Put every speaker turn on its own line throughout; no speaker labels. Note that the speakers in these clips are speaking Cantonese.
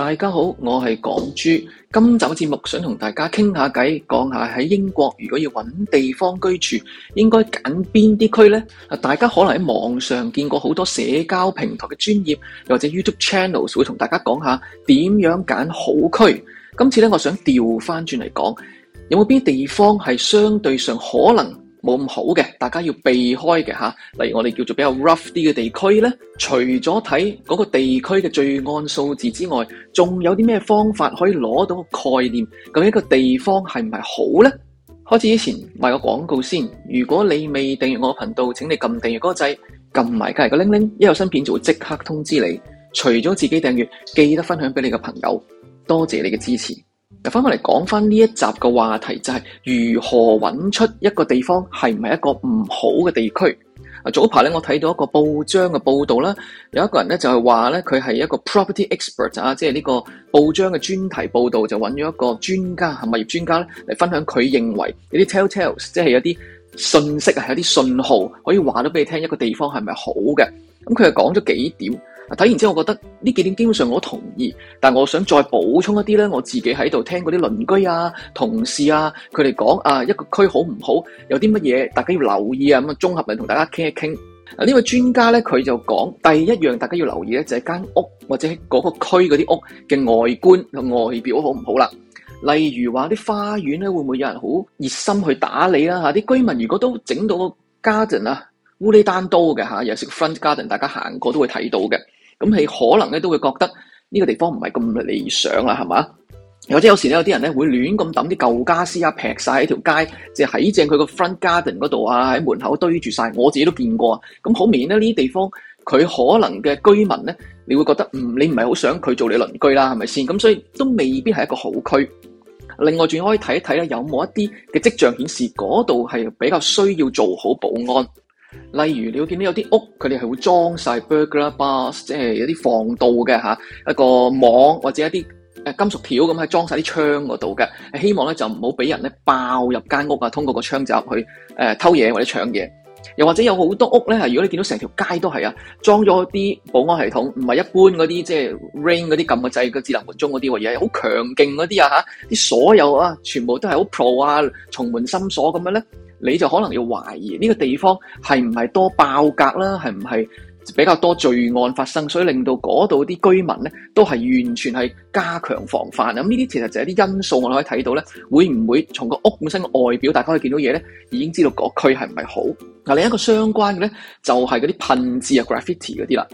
大家好，我係港豬。今集節目想同大家傾下偈，講下喺英國如果要揾地方居住，應該揀邊啲區呢？大家可能喺網上見過好多社交平台嘅專業，或者 YouTube channels 會同大家講下點樣揀好區。今次咧，我想調翻轉嚟講，有冇邊地方係相對上可能？冇咁好嘅，大家要避開嘅吓。例如我哋叫做比較 rough 啲嘅地區咧，除咗睇嗰個地區嘅罪案數字之外，仲有啲咩方法可以攞到個概念？究竟個地方係唔係好咧？開始以前賣個廣告先。如果你未訂閱我頻道，請你撳訂閱嗰個掣，撳埋隔籬個鈴鈴，一有新片就會即刻通知你。除咗自己訂閱，記得分享俾你嘅朋友。多謝你嘅支持。又翻返嚟講翻呢一集嘅話題，就係如何揾出一個地方係唔係一個唔好嘅地區。啊，早排咧，我睇到一個報章嘅報道啦，有一個人咧就係話咧，佢係一個 property expert 啊，即係呢個報章嘅專題報道就揾咗一個專家，係物業專家咧嚟分享佢認為有啲 tell tales，即係有啲信息啊，有啲信號可以話到俾你聽一個地方係咪好嘅。咁佢又講咗幾點？睇完之後，我覺得呢幾點基本上我都同意，但我想再補充一啲咧，我自己喺度聽嗰啲鄰居啊、同事啊，佢哋講啊一個區好唔好，有啲乜嘢大家要留意啊咁啊，綜合嚟同大家傾一傾。嗱，呢位專家咧佢就講，第一樣大家要留意咧就係、係、間屋或者嗰個區嗰啲屋嘅外觀、外表好唔好啦。例如話啲花園咧會唔會有人好熱心去打理啦？啲、啊、居民如果都整到個 garden 啊，烏里單刀嘅嚇，有、啊、時 front garden 大家行過都會睇到嘅。咁你可能咧都會覺得呢個地方唔係咁理想啦，係嘛？或者有時咧有啲人咧會亂咁抌啲舊家俬啊，劈晒喺條街，即係喺正佢個 front garden 嗰度啊，喺門口堆住晒。我自己都見過啊。咁好明顯咧，呢啲地方佢可能嘅居民咧，你會覺得唔，你唔係好想佢做你鄰居啦，係咪先？咁所以都未必係一個好區。另外仲可以睇一睇咧，有冇一啲嘅跡象顯示嗰度係比較需要做好保安。例如你會見到有啲屋，佢哋係會裝晒 burglar bars，即係有啲防盜嘅吓，一個網或者一啲誒金屬條咁去裝晒啲窗嗰度嘅，希望咧就唔好俾人咧爆入間屋啊，通過個窗就去誒、呃、偷嘢或者搶嘢。又或者有好多屋咧，如果你見到成條街都係啊，裝咗啲保安系統，唔係一般嗰啲即係 ring 嗰啲撳嘅掣嘅智能門鐘嗰啲，而係好強勁嗰啲啊吓，啲所有啊全部都係好 pro 啊，重門深鎖咁樣咧。你就可能要懷疑呢個地方係唔係多爆格啦，係唔係比較多罪案發生，所以令到嗰度啲居民呢都係完全係加強防範。咁呢啲其實就係啲因素，我哋可以睇到呢，會唔會從個屋本身嘅外表，大家可以見到嘢呢？已經知道個區係唔係好。嗱，另一個相關嘅呢，就係嗰啲噴字啊、graffiti 嗰啲啦。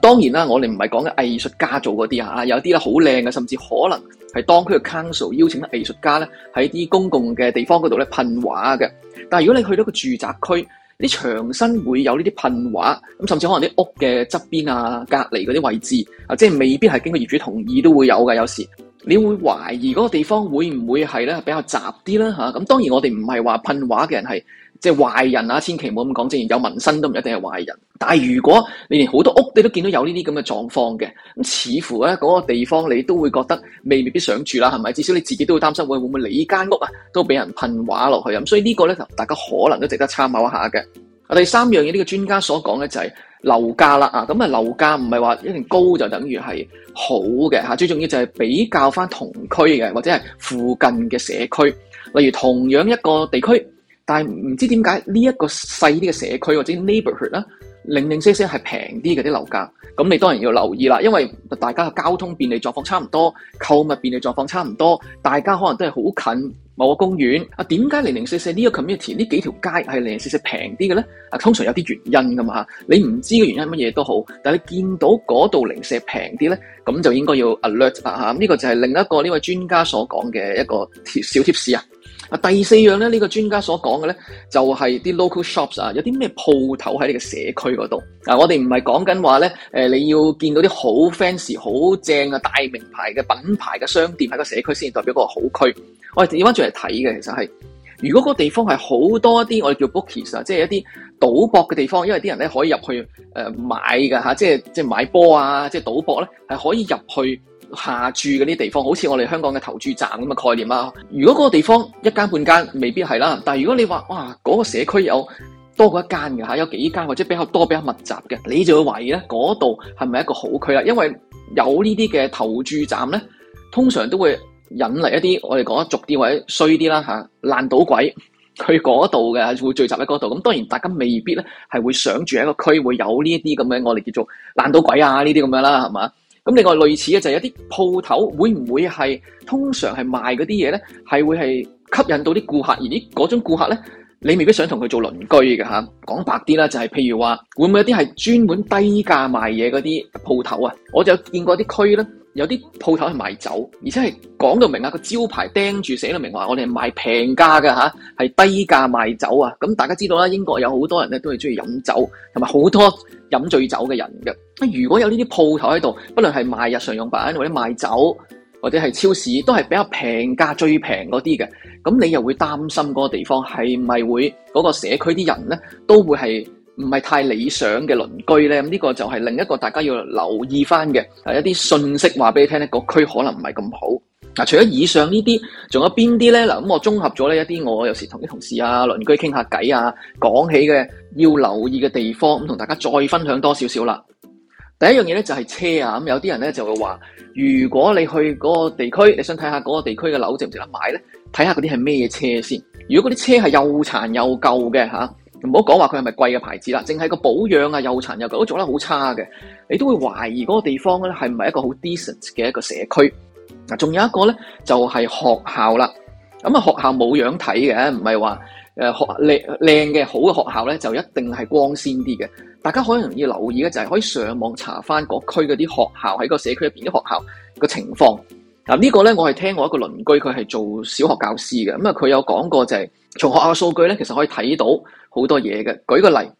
當然啦，我哋唔係講嘅藝術家做嗰啲嚇，有啲咧好靚嘅，甚至可能係當區嘅 council 邀請藝術家咧喺啲公共嘅地方嗰度咧噴畫嘅。但係如果你去到個住宅區，你牆身會有呢啲噴畫，咁甚至可能啲屋嘅側邊啊、隔離嗰啲位置啊，即係未必係經過業主同意都會有嘅。有時你會懷疑嗰個地方會唔會係咧比較雜啲啦嚇。咁當然我哋唔係話噴畫嘅人係。即係壞人啊！千祈唔好咁講，自然有紋身都唔一定係壞人。但係如果你連好多屋你都見到有呢啲咁嘅狀況嘅，咁似乎咧嗰、嗰個地方你都會覺得未未必想住啦，係咪？至少你自己都會擔心，會唔會你間屋啊都俾人噴畫落去啊？咁所以個呢個咧就大家可能都值得參考一下嘅。第三樣嘢，呢、呢個專家所講嘅就係樓價啦啊！咁啊樓價唔係話一定高就等於係好嘅、啊、最重要就係比較翻同區嘅或者係附近嘅社區，例如同樣一個地區。但係唔知點解呢一個細啲嘅社區或者 neighborhood 啦，零零舍舍係平啲嘅啲樓價，咁你當然要留意啦，因為大家嘅交通便利狀況差唔多，購物便利狀況差唔多，大家可能都係好近某個公園。啊，點解零零舍舍呢個 community 呢幾條街係零零舍舍平啲嘅咧？啊，通常有啲原因噶嘛嚇，你唔知嘅原因乜嘢都好，但你見到嗰度零舍平啲咧，咁就應該要 alert 啦嚇。呢個就係另一個呢位專家所講嘅一個小貼士啊。第四樣咧，呢個專家所講嘅咧，就係啲 local shops 啊，有啲咩鋪頭喺呢個社區嗰度啊。我哋唔係講緊話咧，你要見到啲好 fancy、好正大名牌嘅品牌嘅商店喺個社區先代表個個好區。我哋要翻轉嚟睇嘅，其實係如果個地方係好多一啲我哋叫 bookies 啊，即係一啲賭博嘅地方，因為啲人咧可以入去誒、呃、買㗎吓，即係即係買波啊，即係、啊、賭博咧、啊、係可以入去。下注嗰啲地方，好似我哋香港嘅投注站咁嘅概念啦。如果嗰個地方一間半間，未必係啦。但係如果你話哇，嗰個社區有多過一間嘅吓，有幾間或者比較多比較密集嘅，你就會懷疑咧嗰度係咪一個好區啊？因為有呢啲嘅投注站咧，通常都會引嚟一啲我哋講得俗啲或者衰啲啦吓，爛賭鬼佢嗰度嘅會聚集喺嗰度。咁當然大家未必咧係會想住喺個區會有呢一啲咁樣我哋叫做爛賭鬼啊呢啲咁樣啦，係嘛？咁另外類似嘅就係、是、有啲鋪頭會唔會係通常係賣嗰啲嘢呢？係會係吸引到啲顧客，而啲嗰種顧客呢，你未必想同佢做鄰居㗎。嚇、啊。講白啲啦，就係、是、譬如話，會唔會有啲係專門低價賣嘢嗰啲鋪頭啊？我就見過啲區呢有啲鋪頭係賣酒，而且係講到明啊，個招牌釘住寫到明話，我哋係賣平價㗎，吓，係低價賣酒啊！咁大家知道啦，英國有好多人咧都係中意飲酒，同埋好多飲醉酒嘅人嘅。如果有呢啲鋪頭喺度，不論係賣日常用品或者賣酒，或者係超市，都係比較平價、最平嗰啲嘅。咁你又會擔心嗰個地方係咪會嗰個社區啲人咧都會係？唔係太理想嘅鄰居呢，咁呢個就係另一個大家要留意翻嘅，一啲信息話俾你聽呢，個區可能唔係咁好。嗱，除咗以上呢啲，仲有邊啲呢？嗱，咁我綜合咗呢一啲，我有時同啲同事啊、鄰居傾下偈啊，講起嘅要留意嘅地方，咁同大家再分享多少少啦。第一樣嘢呢，就係車啊，咁有啲人呢，就會話，如果你去嗰個地區，你想睇下嗰個地區嘅樓值唔值得買呢？睇下嗰啲係咩車先。如果嗰啲車係又殘又舊嘅嚇。唔好講話佢係咪貴嘅牌子啦，淨係個保養啊、又殘又舊，都做得好差嘅，你都會懷疑嗰個地方咧係唔係一個好 decent 嘅一個社區。嗱，仲有一個咧就係、是、學校啦。咁啊，學校冇樣睇嘅，唔係話學靚靚嘅好嘅學校咧，就一定係光鮮啲嘅。大家好容易留意嘅就係可以上網查翻各區嗰啲學校喺個社區入邊啲學校個情況，嗱呢個咧，我係聽我一個鄰居，佢係做小學教師嘅，咁啊佢有講過就係、係、從學校數據咧，其實可以睇到好多嘢嘅。舉個例，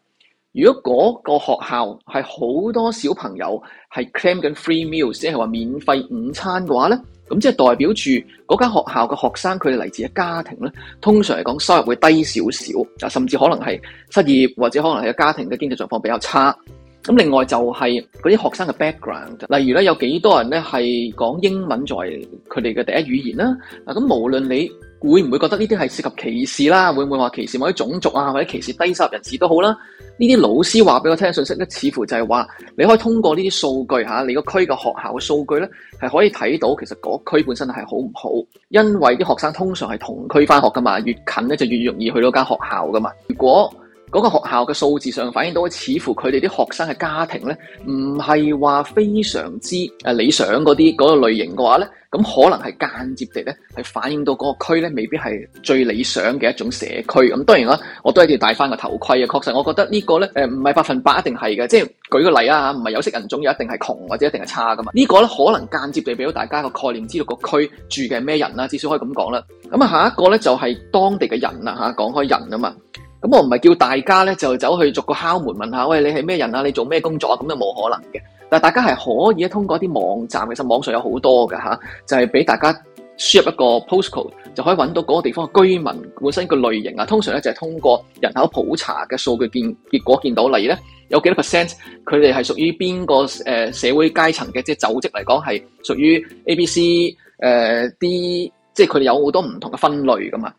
如果嗰個學校係好多小朋友係 claim 緊 free meals，即係話免費午餐嘅話咧，咁即係代表住嗰間學校嘅學生佢哋嚟自嘅家庭咧，通常嚟講收入會低少少，啊甚至可能係失業或者可能係家庭嘅經濟狀況比較差。咁另外就係嗰啲學生嘅 background，例如咧有幾多人咧係講英文作為佢哋嘅第一語言啦。咁，無論你會唔會覺得呢啲係涉及歧視啦，會唔會話歧視某啲種族啊，或者歧視低收入人士都好啦。呢啲老師話俾我聽嘅信息咧，似乎就係話你可以通過呢啲數據嚇，你個區嘅學校嘅數據咧係可以睇到其實嗰區本身係好唔好，因為啲學生通常係同區翻學噶嘛，越近咧就越容易去到間學校噶嘛。如果嗰個學校嘅數字上反映到，似乎佢哋啲學生嘅家庭呢，唔係話非常之誒理想嗰啲嗰個類型嘅話呢，咁可能係間接地呢，係反映到嗰個區呢，未必係最理想嘅一種社區。咁當然啦，我都一定要戴翻個頭盔啊！確實，我覺得呢個呢，唔係百分百一定係嘅，即係舉個例啊，唔係有色人種又一定係窮或者一定係差噶嘛。呢個呢，可能間接地俾到大家個概念，知道個區住嘅咩人啦，至少可以咁講啦。咁啊，下一個呢，就係當地嘅人啦嚇，講開人啊嘛。咁我唔係叫大家咧就走去逐個敲門問下，喂，你係咩人啊？你做咩工作啊？咁就冇可能嘅。但係大家係可以通過一啲網站，其實網上有好多㗎吓，就係俾大家輸入一個 postcode，就可以揾到嗰個地方嘅居民本身個類型啊。通常咧就係通過人口普查嘅數據見結果見到，例如咧有幾多 percent 佢哋係屬於邊個、呃、社會階層嘅，即係就職嚟講係屬於 A、B、C、呃、D 啲，即係佢哋有好多唔同嘅分類噶嘛。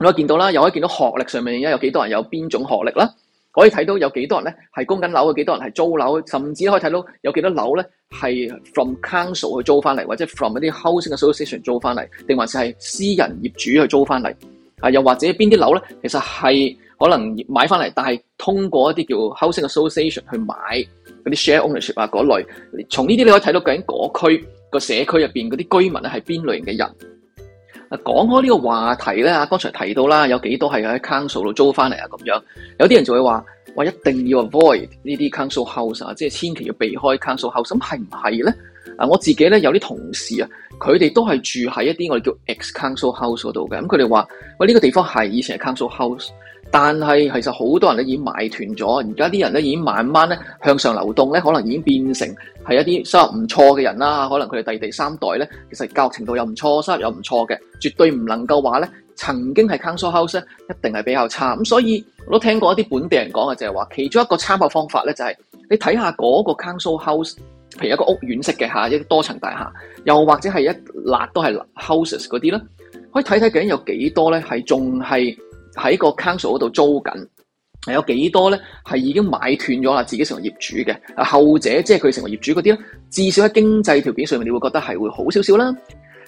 你可以見到啦，又可以見到學歷上面而家有幾多人有邊種學歷啦，可以睇到有幾多人咧係供緊樓嘅，幾多人係租樓，甚至可以睇到有幾多樓咧係 from council 去租翻嚟，或者 from 一啲 housing 嘅 association 租翻嚟，定還是係私人業主去租翻嚟啊？又或者邊啲樓咧，其實係可能買翻嚟，但係通過一啲叫 housing 嘅 association 去買嗰啲 share ownership 啊嗰類，從呢啲你可以睇到究竟個區、嗰個社區入面嗰啲居民咧係邊類型嘅人。講開呢個話題咧，啊，剛才提到啦，有幾多係喺 Council 度租翻嚟啊，咁樣有啲人就會話：哇，一定要 avoid 呢啲 Council House 啊，即係千祈要避開 Council House。咁係唔係咧？啊，我自己咧有啲同事啊，佢哋都係住喺一啲我哋叫 ex Council House 度嘅，咁佢哋話：喂，呢個地方係以前係 Council House。但係其實好多人都已經買斷咗，而家啲人咧已經慢慢咧向上流動咧，可能已經變成係一啲收入唔錯嘅人啦。可能佢哋第第三代咧，其實教育程度又唔錯，收入又唔錯嘅，絕對唔能夠話咧曾經係 council house 咧一定係比較差。咁所以我都聽過一啲本地人講嘅就係話，其中一個參考方法咧就係你睇下嗰個 council house，譬如一個屋苑式嘅下一個多層大廈，又或者係一辣都係 houses 嗰啲咧，可以睇睇究竟有幾多咧係仲係。喺個 Council 嗰度租緊，係有幾多咧？係已經買斷咗啦，自己成為業主嘅。後者即係佢成為業主嗰啲咧，至少喺經濟條件上面，你會覺得係會好少少啦。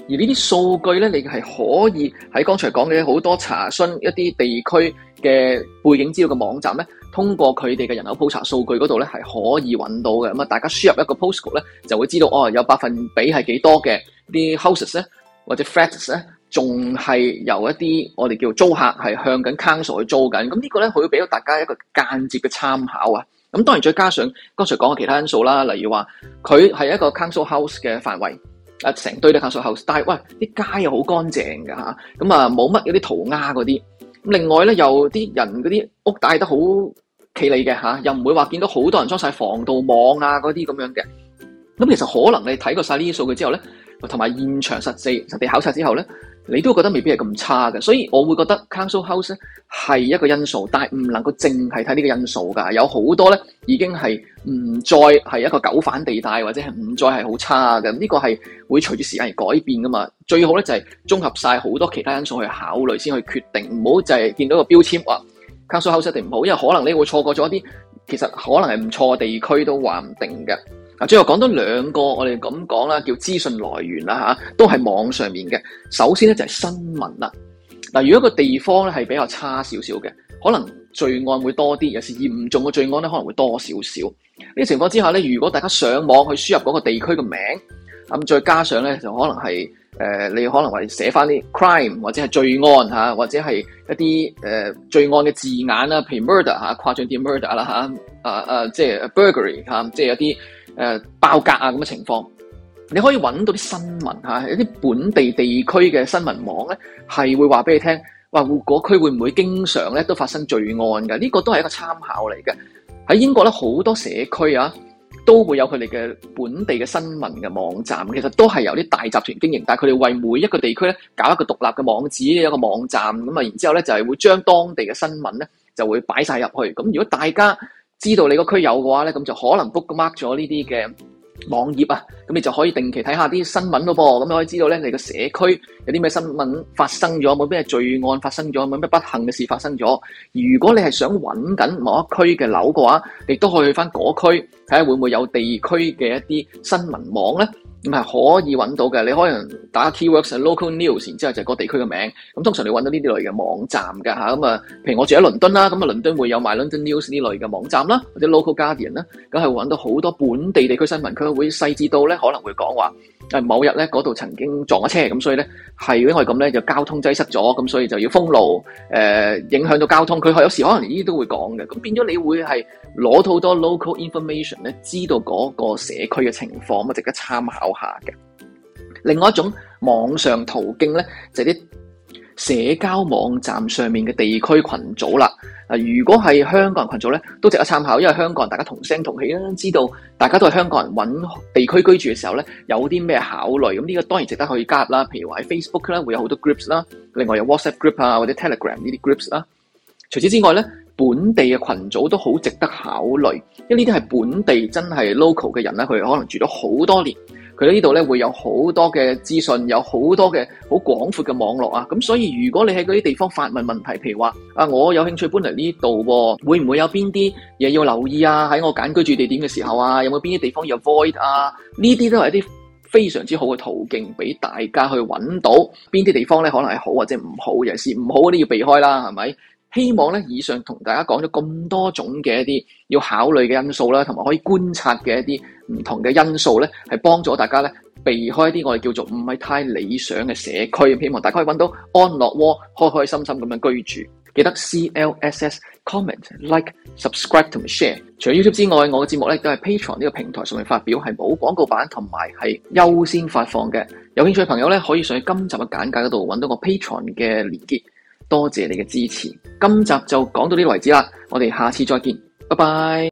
而呢啲數據咧，你係可以喺剛才講嘅好多查詢一啲地區嘅背景資料嘅網站咧，通過佢哋嘅人口普查數據嗰度咧，係可以揾到嘅。咁啊，大家輸入一個 postal 咧，就會知道哦，有百分比係幾多嘅啲 houses 咧，或者 flats 咧。仲係由一啲我哋叫租客係向緊 Council 去租緊，咁呢個咧佢會俾到大家一個間接嘅參考啊！咁當然再加上剛才講嘅其他因素啦，例如話佢係一個 Council House 嘅範圍，啊成堆嘅 Council House，但係喂啲街又好乾淨㗎吓，咁啊冇乜嗰啲塗鴉嗰啲，另外咧又啲人嗰啲屋帶得好企理嘅吓，又唔會話見到好多人裝晒防盜網啊嗰啲咁樣嘅。咁其實可能你睇過晒呢啲數據之後咧，同埋現場實地實地考察之後咧。你都覺得未必係咁差嘅，所以我會覺得 Council House 咧係一個因素，但係唔能夠淨係睇呢個因素㗎，有好多咧已經係唔再係一個九反地帶或者係唔再係好差嘅，呢個係會隨住時間而改變㗎嘛。最好咧就係綜合晒好多其他因素去考慮先去決定，唔好就係見到個標籤話 Council House 一定唔好，因為可能你會錯過咗一啲其實可能係唔錯嘅地區都話唔定嘅。最後講多兩個，我哋咁講啦，叫資訊來源啦吓，都係網上面嘅。首先咧就係新聞啦。嗱，如果個地方咧係比較差少少嘅，可能罪案會多啲，尤其嚴重嘅罪案咧可能會多少少。呢啲情況之下咧，如果大家上網去輸入嗰個地區嘅名，咁再加上咧就可能係誒、呃，你可能話寫翻啲 crime 或者係罪案吓，或者係一啲、呃、罪案嘅字眼啦，譬如 murder 吓，誇張啲 murder 啦、啊、吓，啊啊即係 burgery 吓，即係有啲。就是誒爆格啊咁嘅情況，你可以揾到啲新聞嚇，有啲本地地區嘅新聞網咧，係會話俾你聽，話個區會唔會經常咧都發生罪案嘅？呢個都係一個參考嚟嘅。喺英國咧，好多社區啊都會有佢哋嘅本地嘅新聞嘅網站，其實都係由啲大集團經營，但係佢哋為每一個地區咧搞一個獨立嘅網址一個網站咁啊，然之後咧就係會將當地嘅新聞咧就會擺晒入去。咁如果大家，知道你個區有嘅話咧，咁就可能 bookmark 咗呢啲嘅網頁啊。咁你就可以定期睇下啲新聞咯噃，咁你可以知道咧你個社區有啲咩新聞發生咗，冇咩罪案發生咗，冇咩不幸嘅事發生咗。如果你係想揾緊某一區嘅樓嘅話，亦都可以去翻嗰區睇下會唔會有地區嘅一啲新聞網咧，咁係可以揾到嘅。你可能打 keywords local news，然之後就係嗰地區嘅名。咁通常你揾到呢啲類嘅網站嘅嚇，咁啊，譬如我住喺倫敦啦，咁啊倫敦會有埋 London News 呢類嘅網站啦，或者 local guardian 啦，咁係揾到好多本地地區新聞，佢會細緻到咧。可能會講話誒某日咧嗰度曾經撞咗車，咁所以咧係因為咁咧就交通擠塞咗，咁所以就要封路，呃，影響到交通。佢有時可能呢啲都會講嘅，咁變咗你會係攞到好多 local information 咧，知道嗰個社區嘅情況咁啊，值得參考下嘅。另外一種網上途徑咧就係啲社交網站上面嘅地區群組啦，啊，如果係香港人群組咧，都值得參考，因為香港人大家同聲同氣啦，知道大家都係香港人揾地區居住嘅時候咧，有啲咩考慮，咁呢個當然值得可以加入啦。譬如話喺 Facebook 咧，會有好多 groups 啦，另外有 WhatsApp group 啊，或者 Telegram 呢啲 groups 啦。除此之外咧，本地嘅群組都好值得考慮，因為呢啲係本地真係 local 嘅人咧，佢可能住咗好多年。佢呢度咧，會有好多嘅資訊，有好多嘅好廣闊嘅網絡啊！咁所以，如果你喺嗰啲地方發問問題，譬如話啊，我有興趣搬嚟呢度喎，會唔會有邊啲嘢要留意啊？喺我揀居住地點嘅時候啊，有冇邊啲地方要 avoid 啊？呢啲都係一啲非常之好嘅途徑，俾大家去揾到邊啲地方咧，可能係好或者唔好，尤其是唔好嗰啲要避開啦，係咪？希望咧，以上同大家講咗咁多種嘅一啲要考慮嘅因素啦，同埋可以觀察嘅一啲。唔同嘅因素咧，係幫助大家咧，避開啲我哋叫做唔係太理想嘅社區，希望大家可以搵到安樂窩，開開心心咁樣居住。記得 C L S S Comment, Like, Subscribe and Share。除咗 YouTube 之外，我嘅節目咧都係 Patreon 呢個平台上面發表，係冇廣告版同埋係優先發放嘅。有興趣嘅朋友咧，可以上去今集嘅簡介嗰度搵到個 Patreon 嘅連結。多謝你嘅支持。今集就講到呢個位置啦，我哋下次再見，拜拜。